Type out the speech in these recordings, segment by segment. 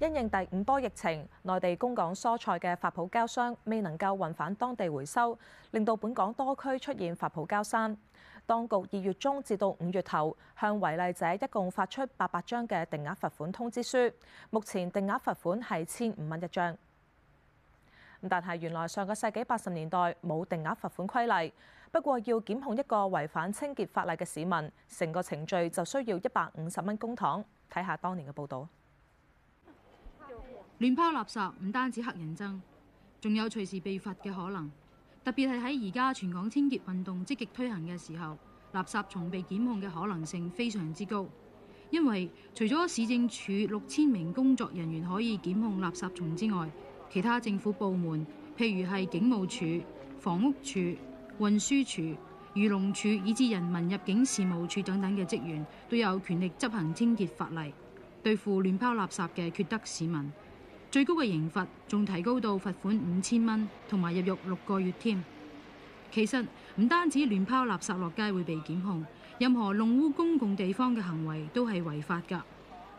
因應第五波疫情，內地供港蔬菜嘅發泡膠箱未能夠運返當地回收，令到本港多區出現發泡膠山。當局二月中至到五月頭，向違例者一共發出八百張嘅定額罰款通知書，目前定額罰款係千五蚊一張。但係原來上個世紀八十年代冇定額罰款規例，不過要檢控一個違反清潔法例嘅市民，成個程序就需要一百五十蚊公帑。睇下當年嘅報導。亂拋垃圾唔單止黑人憎，仲有隨時被罰嘅可能。特別係喺而家全港清潔運動積極推行嘅時候，垃圾蟲被檢控嘅可能性非常之高。因為除咗市政署六千名工作人員可以檢控垃圾蟲之外，其他政府部門譬如係警務處、房屋處、運輸處、漁農處，以至人民入境事務處等等嘅職員都有權力執行清潔法例，對付亂拋垃圾嘅缺德市民。最高嘅刑罰仲提高到罰款五千蚊，同埋入獄六個月添。其實唔單止亂拋垃圾落街會被檢控，任何弄污公共地方嘅行為都係違法㗎。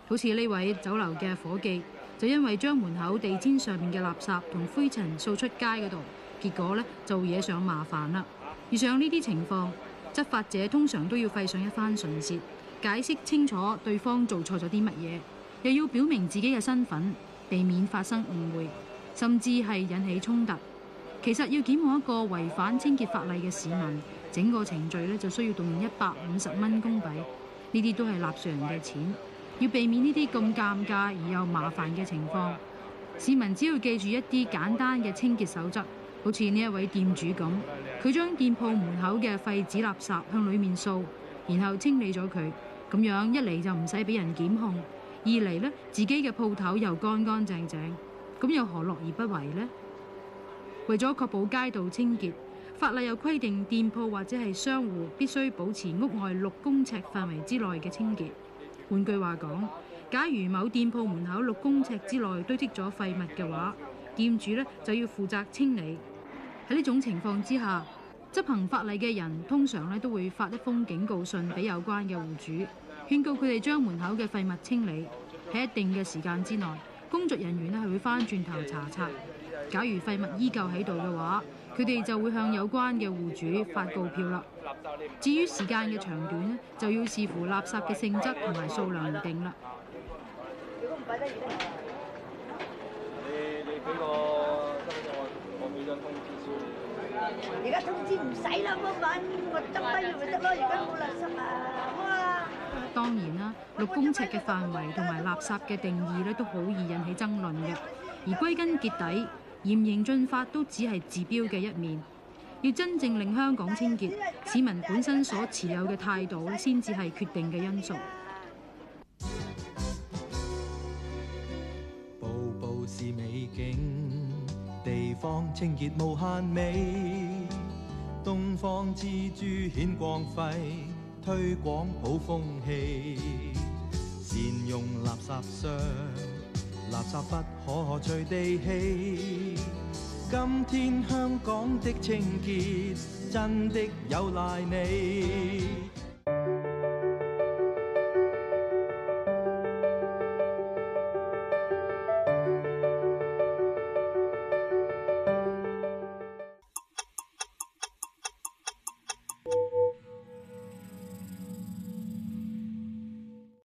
好似呢位酒樓嘅伙計，就因為將門口地氈上面嘅垃圾同灰塵掃出街嗰度，結果呢就惹上麻煩啦。遇上呢啲情況，執法者通常都要費上一番唇舌，解釋清楚對方做錯咗啲乜嘢，又要表明自己嘅身份。避免發生誤會，甚至係引起衝突。其實要檢控一個違反清潔法例嘅市民，整個程序咧就需要動用一百五十蚊公帑，呢啲都係納稅人嘅錢。要避免呢啲咁尷尬而又麻煩嘅情況，市民只要記住一啲簡單嘅清潔守則，好似呢一位店主咁，佢將店鋪門口嘅廢紙垃，垃圾向裡面掃，然後清理咗佢，咁樣一嚟就唔使俾人檢控。二嚟呢，自己嘅鋪頭又乾乾淨淨，咁又何樂而不為呢？為咗確保街道清潔，法例又規定，店鋪或者係商戶必須保持屋外六公尺範圍之內嘅清潔。換句話講，假如某店鋪門口六公尺之內堆積咗廢物嘅話，店主呢就要負責清理。喺呢種情況之下，執行法例嘅人通常呢都會發一封警告信俾有關嘅戶主。勸告佢哋將門口嘅廢物清理，喺一定嘅時間之內，工作人員咧係會翻轉頭查察。假如廢物依舊喺度嘅話，佢哋就會向有關嘅戶主發告票啦。至於時間嘅長短，就要視乎垃圾嘅性質同埋數量而定啦。而家、啊、通知唔使啦，我問我執翻佢咪得咯？而家冇垃圾啊！當然啦，六公尺嘅範圍同埋垃圾嘅定義咧，都好易引起爭論嘅。而歸根結底，嚴刑峻法都只係治標嘅一面，要真正令香港清潔，市民本身所持有嘅態度先至係決定嘅因素。步步是美景，地方清潔無限美，東方之珠顯光輝。推廣好風氣，善用垃圾箱，垃圾不可隨地棄，今天香港的清潔真的有賴你。